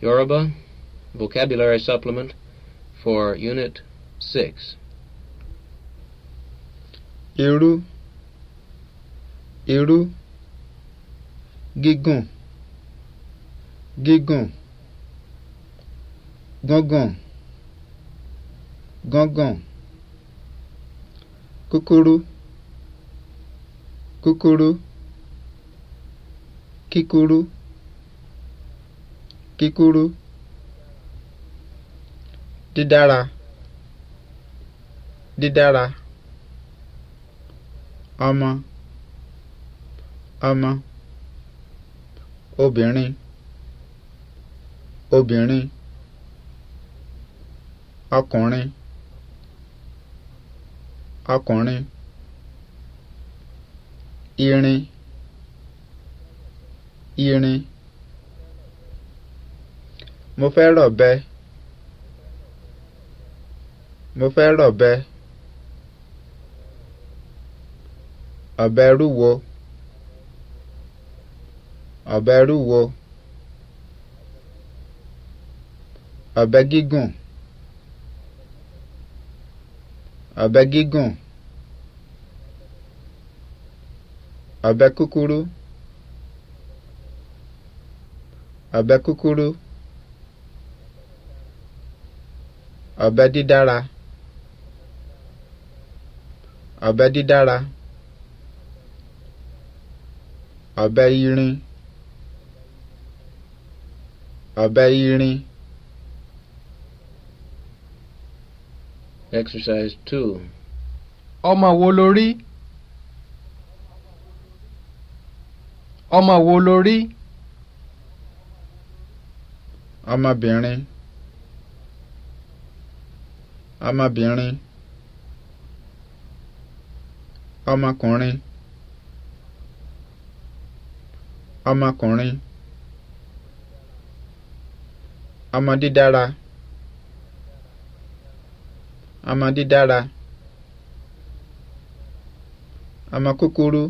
Yoruba Vocabulary Supplement for Unit 6. Iru Iru Gígùn Gígùn Gángan Gángan Kúkúrú Kúkúrú Kíkúrú kíkúrú dídára dídára ọmọ ọmọ obìnrin obìnrin ọkùnrin ọkùnrin irin irin mo fẹ́ rọ̀bẹ mo fẹ́ rọ̀bẹ ọ̀bẹ rúwo ọ̀bẹ rúwo ọ̀bẹ gígùn ọ̀bẹ gígùn ọ̀bẹ kúkúrú ọ̀bẹ kúkúrú. ọ̀bẹ dídára ọ̀bẹ dídára ọ̀bẹ irin ọ̀bẹ irin. exercise two. ọmọ wo lo rí? ọmọ wo lo rí? ọmọbìnrin ọmọbìnrin ọmọkùnrin ọmọkùnrin ọmọ dídára ọmọ dídára ọmọ kúkúrú.